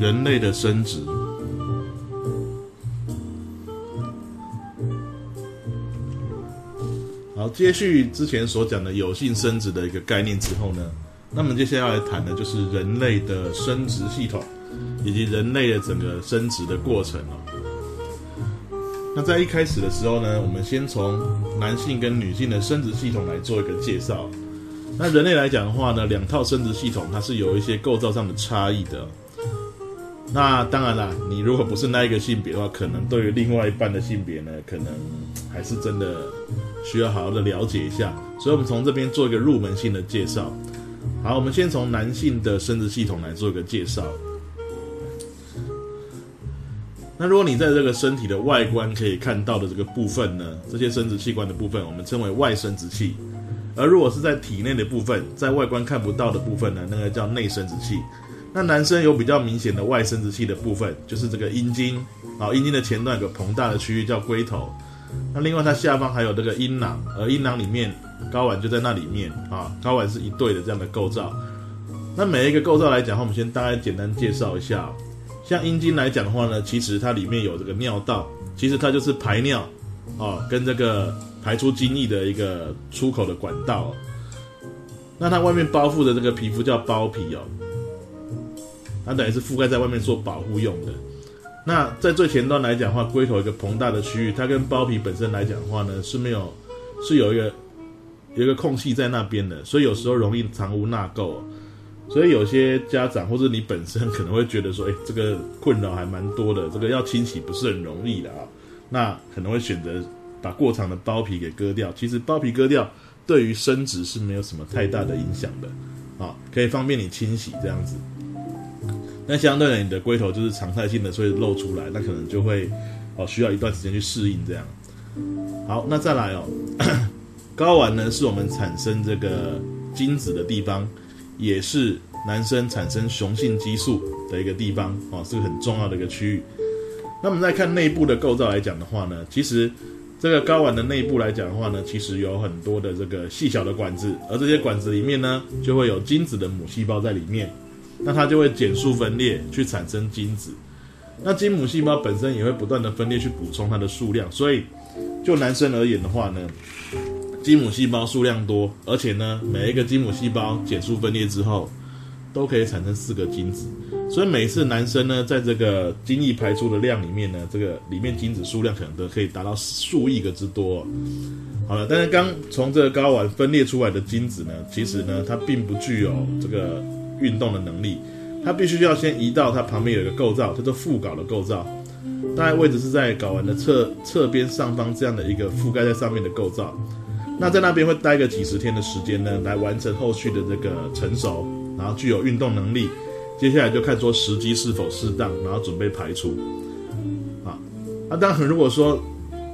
人類的生殖，好，接續之前所講的有性生殖的一個概念之後呢，那麼接下來談的就是人類的生殖系統以及人類的整個生殖的過程哦。那在一開始的時候呢，我們先從男性跟女性的生殖系統來做一個介紹。那人類來講的話呢，兩套生殖系統它是有一些構造上的差異的。那當然啦，你如果不是那一個性別的話，可能對於另外一半的性別呢，可能還是真的需要好好的了解一下。所以，我們從這邊做一個入門性的介紹。好，我們先從男性的生殖系統來做一個介紹。那如果你在這個身體的外觀可以看到的這個部分呢，這些生殖器官的部分，我們稱為外生殖器；而如果是在體內的部分，在外觀看不到的部分呢，那個叫內生殖器。那男生有比較明顯的外生殖器的部分，就是這個陰莖啊，陰莖的前段有個膨大的區域叫龜頭。那另外它下方還有這個陰囊，而陰囊裡面睾丸就在那裡面啊，睾丸是一對的這樣的構造。那每一個構造來講的話，我們先大概簡單介紹一下。像陰莖來講的話呢，其實它裡面有這個尿道，其實它就是排尿啊跟這個排出精液的一個出口的管道。那它外面包覆的這個皮膚叫包皮哦。它等於是覆蓋在外面做保護用的。那在最前端來講的話，龜頭一個膨大的區域，它跟包皮本身來講的話呢，是沒有是有一個有一個空隙在那邊的，所以有時候容易藏污納垢。所以有些家長或者你本身可能會覺得說，哎，這個困擾還蠻多的，這個要清洗不是很容易的啊。那可能會選擇把過長的包皮給割掉。其實包皮割掉對於生殖是沒有什麼太大的影響的。啊，可以方便你清洗這樣子。那相對的，你的龜頭就是常態性的，所以露出來，那可能就會哦需要一段時間去適應這樣。好，那再來哦，睾丸呢是我們產生這個精子的地方，也是男生產生雄性激素的一個地方哦，是個很重要的一個區域。那我們再看內部的構造來講的話呢，其實這個睾丸的內部來講的話呢，其實有很多的這個細小的管子，而這些管子裡面呢，就會有精子的母細胞在裡面。那它就會減數分裂去產生精子，那精母細胞本身也會不斷的分裂去補充它的數量，所以就男生而言的話呢，精母細胞數量多，而且呢每一個精母細胞減數分裂之後都可以產生四個精子，所以每次男生呢在這個精液排出的量裡面呢，這個裡面精子數量可能都可以達到數億個之多，哦。好了，但是剛從這個睾丸分裂出來的精子呢，其實呢它並不具有這個。運動的能力，它必須要先移到它旁邊有一個構造，叫做附睪的構造，大概位置是在睾丸的側側邊上方這樣的一個覆蓋在上面的構造。那在那邊會待個幾十天的時間呢，來完成後續的這個成熟，然後具有運動能力。接下來就看說時機是否適當，然後準備排出啊，那當然如果說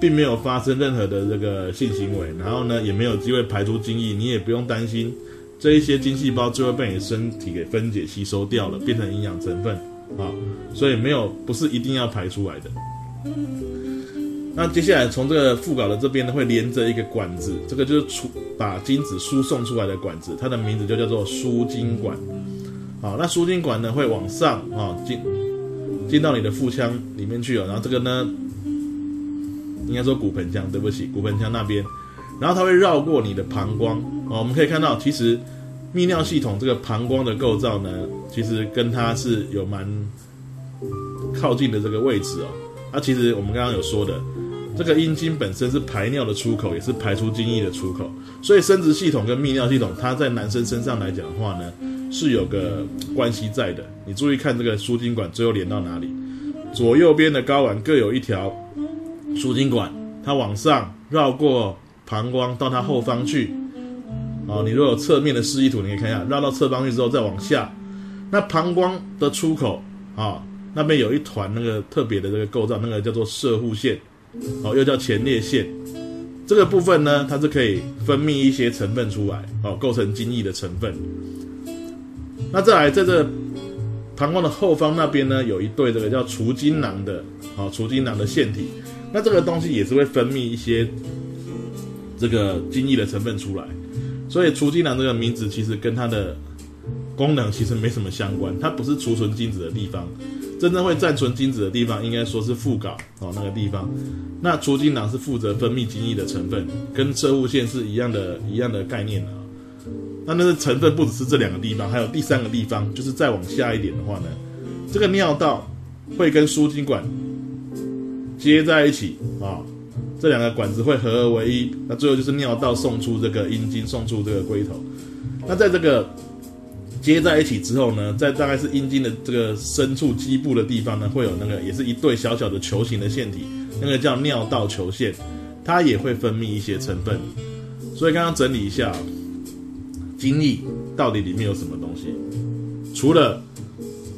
並沒有發生任何的這個性行為，然後呢也沒有機會排出精液，你也不用擔心。這一些精細胞就會被你的身體給分解吸收掉了，變成營養成分啊，所以沒有不是一定要排出來的。那接下來從這個副睾的這邊呢，會連着一個管子，這個就是出把精子輸送出來的管子，它的名字就叫做輸精管。好，那輸精管呢會往上啊進進到你的腹腔裡面去了，然後這個呢應該說骨盆腔，對不起，骨盆腔那邊，然後它會繞過你的膀胱。哦，我們可以看到，其實泌尿系統這個膀胱的構造呢，其實跟它是有蠻靠近的這個位置哦。那、啊、其實我們剛剛有說的，這個陰莖本身是排尿的出口，也是排出精液的出口。所以生殖系統跟泌尿系統，它在男生身上來講的話呢，是有個關係在的。你注意看這個輸精管，最後連到哪裡？左右邊的睾丸各有一條輸精管，它往上繞過膀胱到它後方去。哦，你如果有側面的示意圖，你可以看一下，繞到側方位之後再往下，那膀胱的出口啊、哦，那邊有一團那個特別的這個構造，那個叫做攝護腺，哦，又叫前列腺，這個部分呢，它是可以分泌一些成分出來，哦，構成精液的成分。那再來在這膀胱的後方那邊呢，有一對這個叫儲精囊的，哦，儲精囊的腺體，那這個東西也是會分泌一些這個精液的成分出來。所以儲精囊這個名字其實跟它的功能其實沒什麼相關，它不是儲存精子的地方，真正會暫存精子的地方應該說是附睾，哦，那個地方。那儲精囊是負責分泌精液的成分，跟攝護腺是一樣的，一樣的概念啊、哦。那那個成分不只是這兩個地方，還有第三個地方，就是再往下一點的話呢，這個尿道會跟輸精管接在一起啊。哦這兩個管子會合二為一，那最後就是尿道送出這個陰莖，送出這個龜頭。那在這個接在一起之後呢，在大概是陰莖的這個深處基部的地方呢，會有那個也是一對小小的球形的腺體，那個叫尿道球腺，它也會分泌一些成分。所以剛剛整理一下，精液到底裡面有什麼東西？除了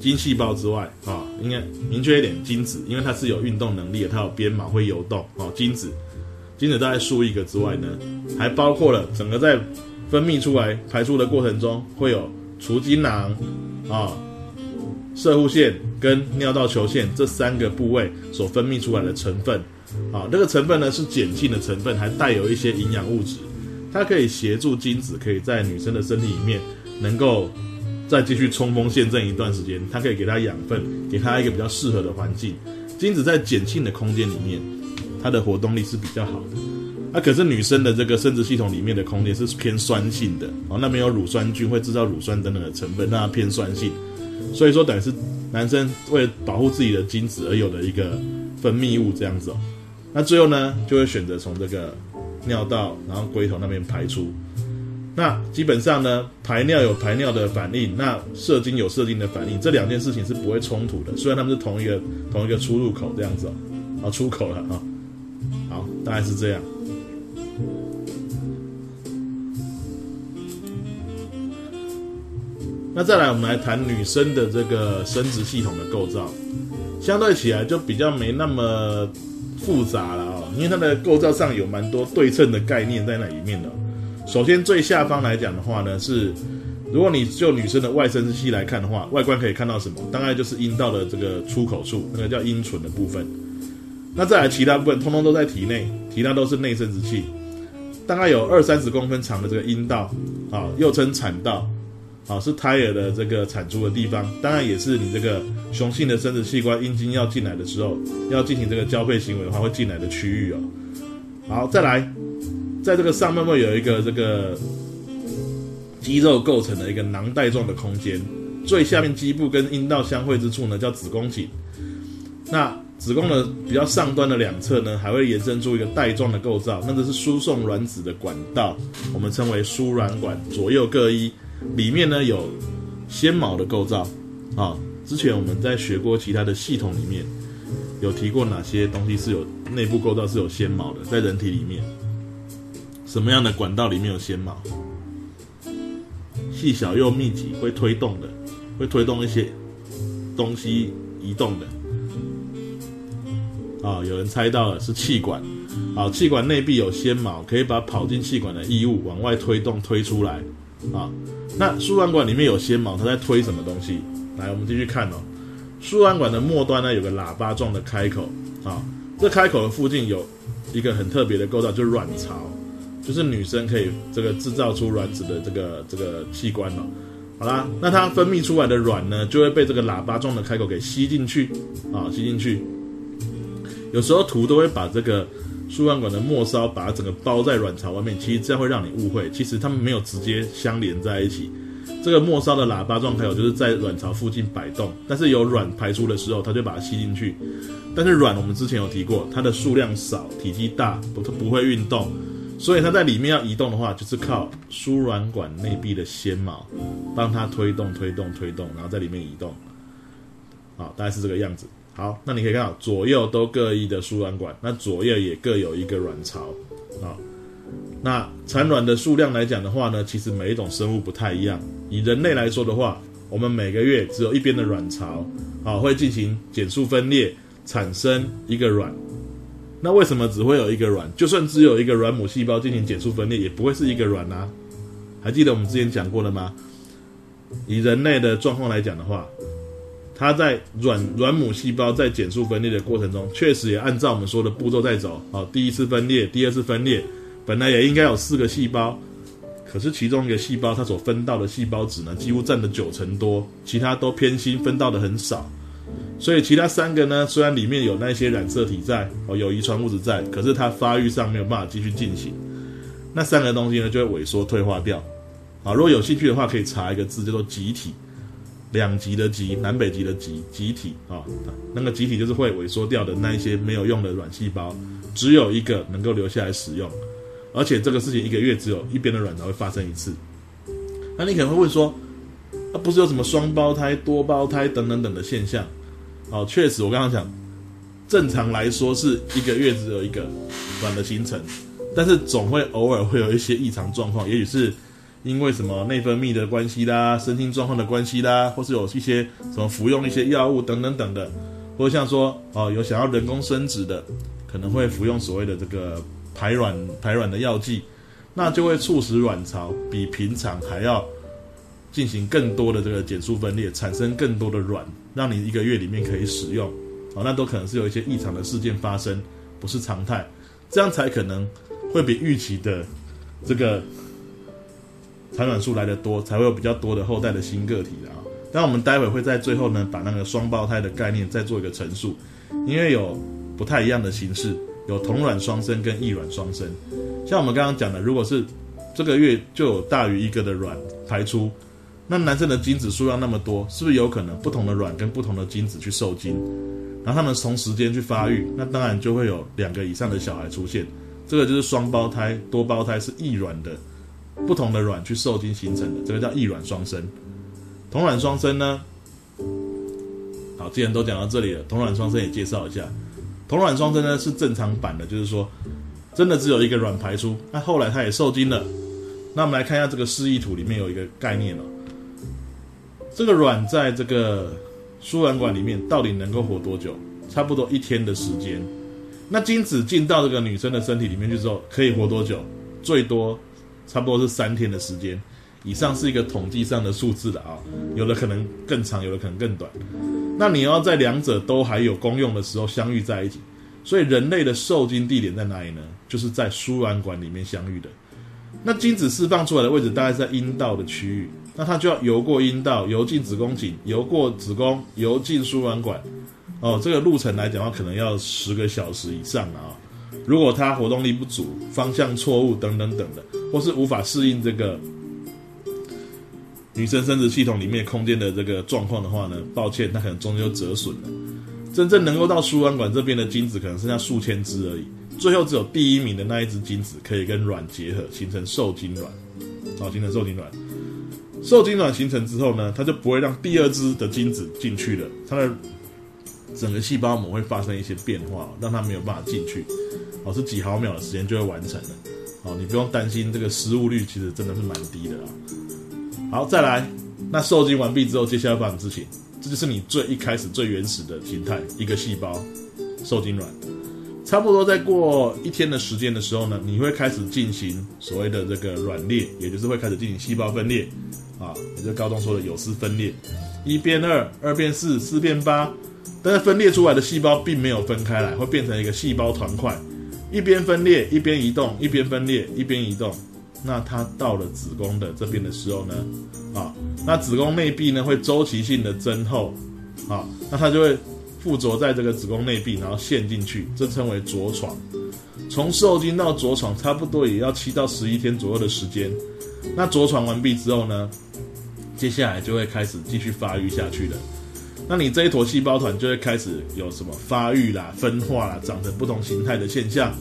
精細胞之外，啊。應該明確一點，精子，因為它是有運動能力的，它有鞭毛會游動。哦，精子，精子大概數億個之外呢，還包括了整個在分泌出來排出的過程中，會有儲精囊，啊、哦，攝護腺跟尿道球腺這三個部位所分泌出來的成分。啊、哦，這個成分呢是鹼性的成分，還帶有一些營養物質，它可以協助精子可以在女生的身體裡面能夠再繼續衝鋒陷陣一段時間，它可以給它養分，給它一個比較適合的環境。精子在鹼性的空間裡面，它的活動力是比較好的。那、啊、可是女生的這個生殖系統裡面的空間是偏酸性的哦，那邊有乳酸菌會製造乳酸等等的成分，讓它偏酸性。所以說，等於是男生為了保護自己的精子而有的一個分泌物這樣子哦。那最後呢，就會選擇從這個尿道，然後龜頭那邊排出。那基本上呢，排尿有排尿的反應，那射精有射精的反應，這兩件事情是不會衝突的。雖然他們是同一個同一個出入口這樣子哦，啊、哦、出口了哈、哦，好，大概是這樣。那再來，我們來談女生的這個生殖系統的構造，相對起來就比較沒那麼複雜了哦，因為它的構造上有蠻多對稱的概念在那裡面的、哦。首先，最下方來講的話呢，是如果你就女生的外生殖器來看的話，外觀可以看到什麼？大概就是陰道的這個出口處，那個叫陰唇的部分。那再來其他部分，通通都在體內，其他都是內生殖器。大概有二三十公分長的這個陰道，啊，又稱產道，啊，是胎兒的這個產出的地方。當然，也是你這個雄性的生殖器官陰莖要進來的時候，要進行這個交配行為的話，會進來的區域哦。好，再來。在這個上面會有一個這個肌肉構成的一個囊袋狀的空間，最下面基部跟陰道相會之處呢，叫子宮頸。那子宮的比較上端的兩側呢，還會延伸出一個帶狀的構造，那這是輸送卵子的管道，我們稱為輸卵管，左右各一。裡面呢有纖毛的構造啊。之前我們在學過其他的系統裡面，有提過哪些東西是有內部構造是有纖毛的，在人體裡面。什麼樣的管道裡面有纖毛，細小又密集，會推動的，會推動一些東西移動的。啊、哦，有人猜到了，是氣管。啊、哦，氣管內壁有纖毛，可以把跑進氣管的異物往外推動推出來。啊、哦，那輸卵管裡面有纖毛，它在推什麼東西？來，我們繼續看哦。輸卵管的末端呢有個喇叭狀的開口，啊、哦，這開口的附近有一個很特別的構造，就是卵巢。就是女生可以這個製造出卵子的這個這個器官了哦。好啦，那它分泌出來的卵呢，就會被這個喇叭狀的開口給吸進去啊，吸進去。有時候圖都會把這個輸卵管的末梢把它整個包在卵巢外面，其實這樣會讓你誤會。其實它們沒有直接相連在一起，這個末梢的喇叭狀開口就是在卵巢附近擺動，但是有卵排出的時候，它就把它吸進去。但是卵我們之前有提過，它的數量少，體積大，不不會運動。所以它在裡面要移動的話，就是靠輸卵管內壁的纖毛，幫它推動、推動、推動，然後在裡面移動。好，大概是這個樣子。好，那你可以看到左右都各一的輸卵管，那左右也各有一個卵巢。好，那產卵的數量來講的話呢，其實每一種生物不太一樣。以人類來說的話，我們每個月只有一邊的卵巢，好，會進行減數分裂，產生一個卵。那為什麼只會有一個卵？就算只有一個卵母細胞進行減數分裂，也不會是一個卵呢、啊？還記得我們之前講過的嗎？以人類的狀況來講的話，它在卵卵母細胞在減數分裂的過程中，確實也按照我們說的步驟在走。好，第一次分裂，第二次分裂，本來也應該有四個細胞，可是其中一個細胞它所分到的細胞質呢，幾乎佔了九成多，其他都偏心分到的很少。所以其他三個呢，雖然裡面有那些染色體在，哦，有遺傳物質在，可是它發育上沒有辦法繼續進行，那三個東西呢就會萎縮退化掉，啊，如果有興趣的話，可以查一個字叫做“極體”，兩極的極，南北極的極，極體啊，那個極體就是會萎縮掉的那一些沒有用的卵細胞，只有一個能夠留下來使用，而且這個事情一個月只有一邊的卵巢會發生一次，那你可能會問說，那、啊、不是有什麼雙胞胎、多胞胎等等等的現象？哦，確實，我剛剛講，正常來說是一個月只有一個卵的形成，但是總會偶爾會有一些異常狀況，也許是因為什麼內分泌的關係啦、身心狀況的關係啦，或是有一些什麼服用一些藥物等等等的，或者像說哦有想要人工生殖的，可能會服用所謂的這個排卵排卵的藥劑，那就會促使卵巢比平常還要，進行更多的這個減數分裂，產生更多的卵，讓你一個月裡面可以使用，啊、哦，那都可能是有一些異常的事件發生，不是常態，這樣才可能會比預期的這個產卵數來得多，才會有比較多的後代的新個體啊。但我們待會會在最後呢，把那個雙胞胎的概念再做一個陳述，因為有不太一樣的形式，有同卵雙生跟異卵雙生，像我們剛剛講的，如果是這個月就有大於一個的卵排出。那男生的精子數量那麼多，是不是有可能不同的卵跟不同的精子去受精，然後他們同時間去發育，那當然就會有兩個以上的小孩出現。這個就是雙胞胎、多胞胎是異卵的，不同的卵去受精形成的，這個叫異卵雙生。同卵雙生呢？好，既然都講到這裡了，同卵雙生也介紹一下。同卵雙生呢是正常版的，就是說真的只有一個卵排出，那、啊、後來它也受精了。那我們來看一下這個示意圖裡面有一個概念了、哦。這個卵在這個輸卵管裡面到底能夠活多久？差不多一天的時間。那精子進到這個女生的身體裡面去之後，可以活多久？最多差不多是三天的時間。以上是一個統計上的數字的啊、哦，有的可能更長，有的可能更短。那你要在兩者都還有功用的時候相遇在一起，所以人類的受精地點在哪裡呢？就是在輸卵管裡面相遇的。那精子釋放出來的位置大概在陰道的區域。那它就要游過陰道，游進子宮頸，游過子宮，游進輸卵管，哦，這個路程來講的話，可能要十個小時以上啊。如果它活動力不足、方向錯誤等等等的，或是無法適應這個女生生殖系統裡面空間的這個狀況的話呢，抱歉，它可能終究折損了。真正能夠到輸卵管這邊的精子，可能剩下數千隻而已。最後只有第一名的那一隻精子可以跟卵結合，形成受精卵，哦，形成受精卵。受精卵形成之後呢，它就不會讓第二隻的精子進去了。它的整個細胞膜會發生一些變化，讓它沒有辦法進去。好、哦，是幾毫秒的時間就會完成了。好、哦，你不用擔心這個失誤率，其實真的是蠻低的啊。好，再來，那受精完畢之後，接下來發生的事情，這就是你最一開始最原始的形態，一個細胞受精卵。差不多再過一天的時間的時候呢，你會開始進行所謂的這個卵裂，也就是會開始進行細胞分裂。啊，也就是高中說的有絲分裂，一變二，二變四，四變八，但是分裂出來的細胞並沒有分開來，會變成一個細胞團塊，一邊分裂一邊移動，一邊分裂一邊移動。那它到了子宮的這邊的時候呢，啊，那子宮內壁，呢會周期性的增厚，啊，那它就會附着在這個子宮內壁，然後陷進去，這稱為着床。從受精到着床差不多也要七到十一天左右的時間。那着床完畢之後呢，接下來就會開始繼續發育下去了。那你這一坨細胞團就會開始有什麼發育啦、分化啦、長成不同形態的現象。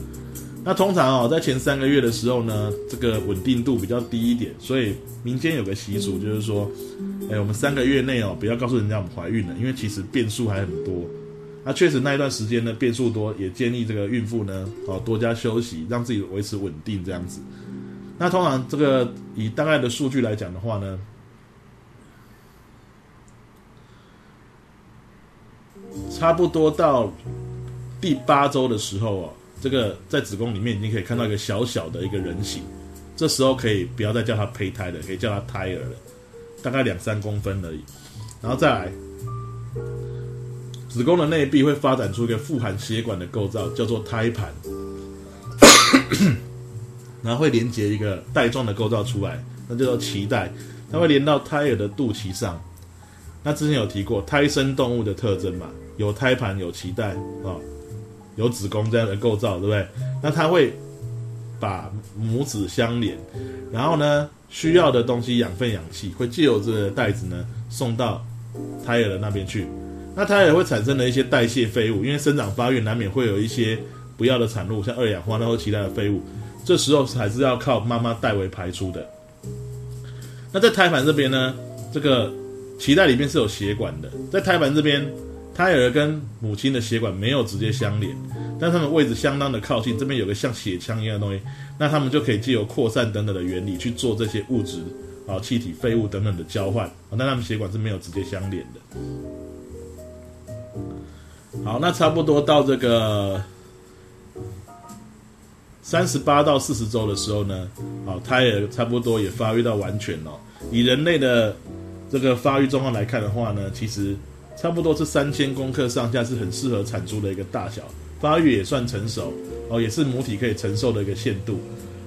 那通常哦，在前三個月的時候呢，這個穩定度比較低一點，所以民間有個習俗就是說，誒，我們三個月內哦，不要告訴人家我們懷孕了，因為其實變數還很多。那確實那一段時間呢，變數多，也建議這個孕婦呢，哦，多加休息，讓自己維持穩定這樣子。那通常這個以大概的數據來講的話呢。差不多到第八週的時候哦，這個在子宮裡面已經可以看到一個小小的一個人形，這時候可以不要再叫它胚胎了，可以叫它胎兒了，大概兩三公分而已。然後再來，子宮的內壁會發展出一個富含血管的構造，叫做胎盤， 然後會連接一個帶狀的構造出來，那叫做臍帶，它會連到胎兒的肚臍上。那之前有提過胎生動物的特徵嘛？有胎盤、有臍帶啊，有子宮這樣的構造，對不對？那它會把母子相連，然後呢，需要的東西、養分養、氧氣會借由這個袋子呢送到胎兒的那邊去。那它也會產生了一些代謝廢物，因為生長發育難免會有一些不要的產物，像二氧化碳或其他的廢物，這時候還是要靠媽媽代為排出的。那在胎盤這邊呢，這個。臍帶裡面是有血管的，在胎盤這邊，胎兒跟母親的血管沒有直接相連，但他們位置相當的靠近。這邊有個像血腔一樣的東西，那他們就可以借由擴散等等的原理去做這些物質啊、氣體、廢物等等的交換，喔。那他們血管是沒有直接相連的。好，那差不多到這個三十八到四十周的時候呢，好，胎兒差不多也發育到完全了，喔。以人類的這個發育狀況來看的話呢，其實差不多是三千公克上下，是很適合產出的一個大小，發育也算成熟，哦，也是母體可以承受的一個限度。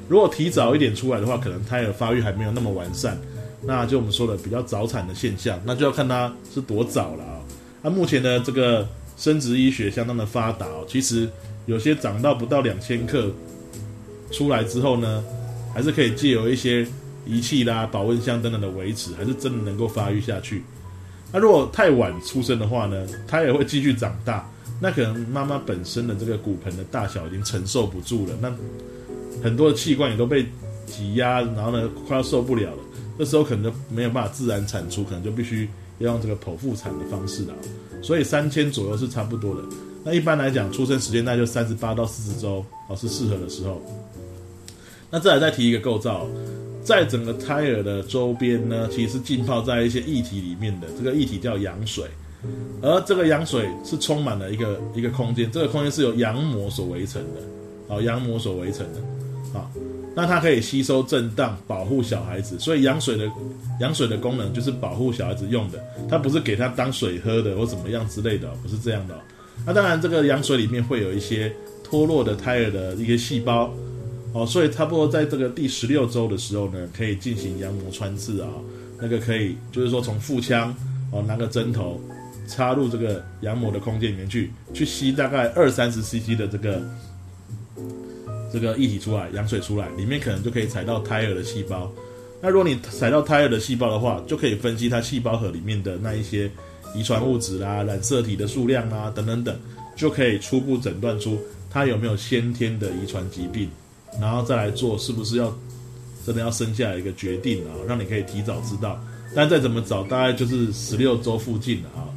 如果提早一點出來的話，可能胎兒發育還沒有那麼完善，那就我們說的比較早產的現象，那就要看它是多早了、哦、啊。那目前的這個生殖醫學相當的發達、哦，其實有些長到不到兩千克，出來之後呢，還是可以借由一些。儀器啦、保溫箱等等的維持，還是真的能夠發育下去。那、啊、如果太晚出生的話呢，他也會繼續長大，那可能媽媽本身的這個骨盆的大小已經承受不住了，那很多的器官也都被擠壓，然後呢快要受不了了，這時候可能就沒有辦法自然產出，可能就必須要用這個剖腹產的方式了。所以三千左右是差不多的。那一般來講，出生時間大概就三十八到四十周，好，是適合的時候。那再來再提一個構造。在整個胎兒的周邊呢，其實浸泡在一些液體裡面的，這個液體叫羊水，而這個羊水是充滿了一個一個空間，這個空間是由羊膜所圍成的，好、哦，羊膜所圍成的，好、哦，那它可以吸收震盪，保護小孩子，所以羊水的羊水的功能就是保護小孩子用的，它不是給他當水喝的或怎麼樣之類的，不是這樣的、哦。那當然，這個羊水裡面會有一些脫落的胎兒的一些細胞。哦，所以差不多在這個第十六周的時候呢，可以進行羊膜穿刺啊，哦。那個可以，就是說從腹腔哦拿個針頭，插入這個羊膜的空間裡面去，去吸大概二三十 cc 的這個這個液體出來，羊水出來，裡面可能就可以採到胎兒的細胞。那如果你採到胎兒的細胞的話，就可以分析它細胞核裡面的那一些遺傳物質啊，染色體的數量啊等等等，就可以初步診斷出它有沒有先天的遺傳疾病。然後再來做，是不是要真的要生下來一個決定啊？讓你可以提早知道。但再怎麼找，大概就是十六周附近了啊。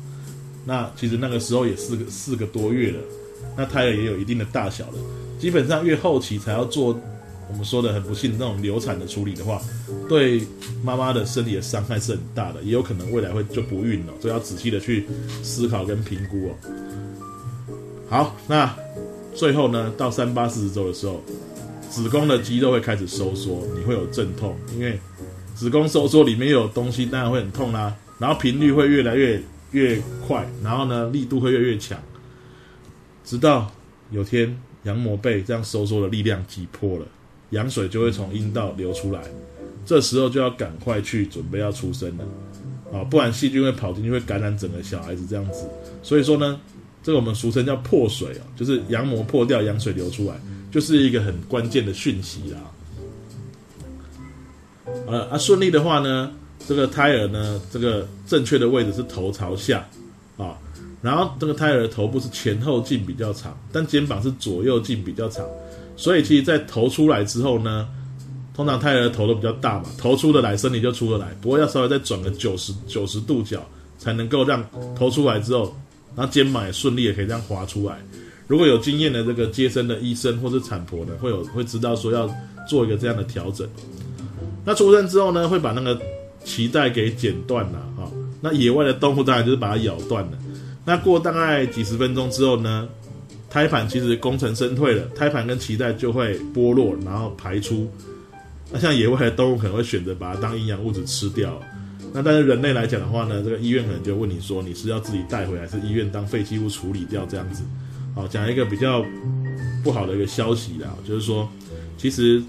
那其實那個時候也是四個、四個多月了，那胎兒也有一定的大小了。基本上越後期才要做我們說的很不幸的那種流產的處理的話，對媽媽的身體的傷害是很大的，也有可能未來會就不孕了，所以要仔細的去思考跟評估哦。好，那最後呢，到三八四十周的時候。子宮的肌肉會開始收縮，你會有陣痛，因為子宮收縮裡面有東西，當然會很痛啦，啊。然後頻率會越來越越快，然後呢力度會越來越強，直到有天羊膜被這樣收縮的力量擠破了，羊水就會從陰道流出來。這時候就要趕快去準備要出生了，啊，不然細菌會跑進去，會感染整個小孩子這樣子。所以說呢，這個我們俗稱叫破水哦，就是羊膜破掉，羊水流出來。就是一個很關鍵的訊息啦。呃啊順利的話呢，這個胎兒呢，這個正確的位置是頭朝下啊，然後這個胎兒的頭部是前後徑比較長，但肩膀是左右徑比較長，所以其實，在頭出來之後呢，通常胎兒的頭都比較大嘛，頭出得來，身體就出得來，不過要稍微再轉個九十九十度角，才能夠讓頭出來之後，然後肩膀也順利也可以這樣滑出來。如果有經驗的這個接生的醫生或是產婆呢，會有會知道說要做一個這樣的調整。那出生之後呢，會把那個臍帶給剪斷了，哈、哦。那野外的動物當然就是把它咬斷了。那過大概幾十分鐘之後呢，胎盤其實功成身退了，胎盤跟臍帶就會剝落，然後排出。那像野外的動物可能會選擇把它當營養物質吃掉。那但是人類來講的話呢，這個醫院可能就問你說你是要自己帶回來，還是醫院當廢棄物處理掉這樣子。哦，講一個比較不好的一個消息啦，就是說，其實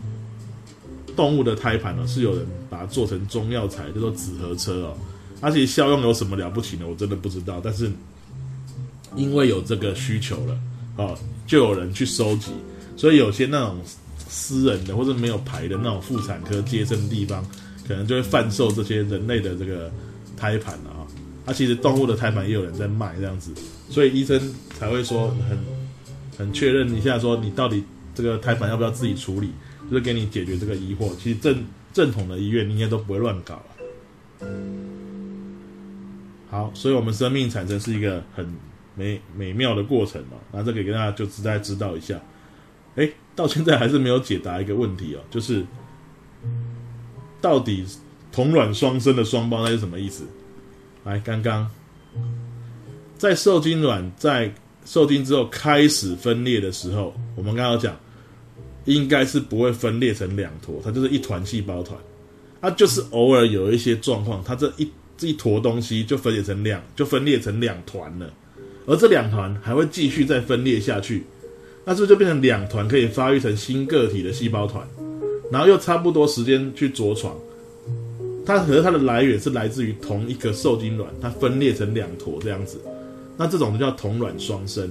動物的胎盤呢，是有人把它做成中藥材，叫做紫河車哦。而且效用有什麼了不起呢？我真的不知道。但是因為有這個需求了，哦，就有人去收集，所以有些那種私人的或者沒有牌的那種婦產科接生的地方，可能就會販售這些人類的這個胎盤了啊。啊，其實動物的胎盤也有人在賣，這樣子。所以醫生才會說很，很確認一下，說你到底這個胎盤要不要自己處理，就是給你解決這個疑惑。其實正正統的醫院你應該都不會亂搞。啊。好，所以我們生命產生是一個很美美妙的過程嘛，那這個給大家就再知道一下。哎、欸，到現在還是沒有解答一個問題哦，就是到底同卵雙生的雙胞胎是什麼意思？來，剛剛。在受精卵在受精之後開始分裂的時候，我們剛剛講應該是不會分裂成兩坨，它就是一團細胞團。它、啊、就是偶爾有一些狀況，它這一這一坨東西就分解成兩，就分裂成兩團了。而這兩團還會繼續再分裂下去，那是不是就變成兩團可以發育成新個體的細胞團？然後又差不多時間去着床。它和它的來源是來自於同一個受精卵，它分裂成兩坨這樣子。那這種叫同卵雙生，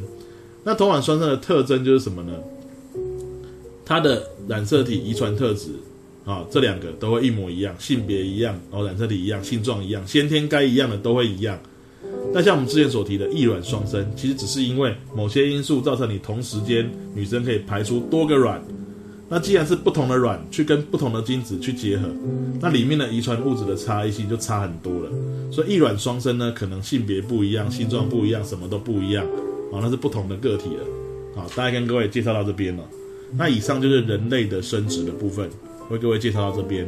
那同卵雙生的特徵就是什麼呢？它的染色體遺傳特質，啊，哦，這兩個都會一模一樣，性別一樣，然後，哦，染色體一樣，性狀一樣，先天該一樣的都會一樣。那像我們之前所提的異卵雙生，其實只是因為某些因素造成你同時間女生可以排出多個卵。那既然是不同的卵去跟不同的精子去結合，那裡面的遺傳物質的差異性就差很多了。所以異卵雙生呢，可能性別不一樣，形狀不一樣，什麼都不一樣，啊、哦，那是不同的個體了。好、哦，大概跟各位介紹到這邊了。那以上就是人類的生殖的部分，為各位介紹到這邊。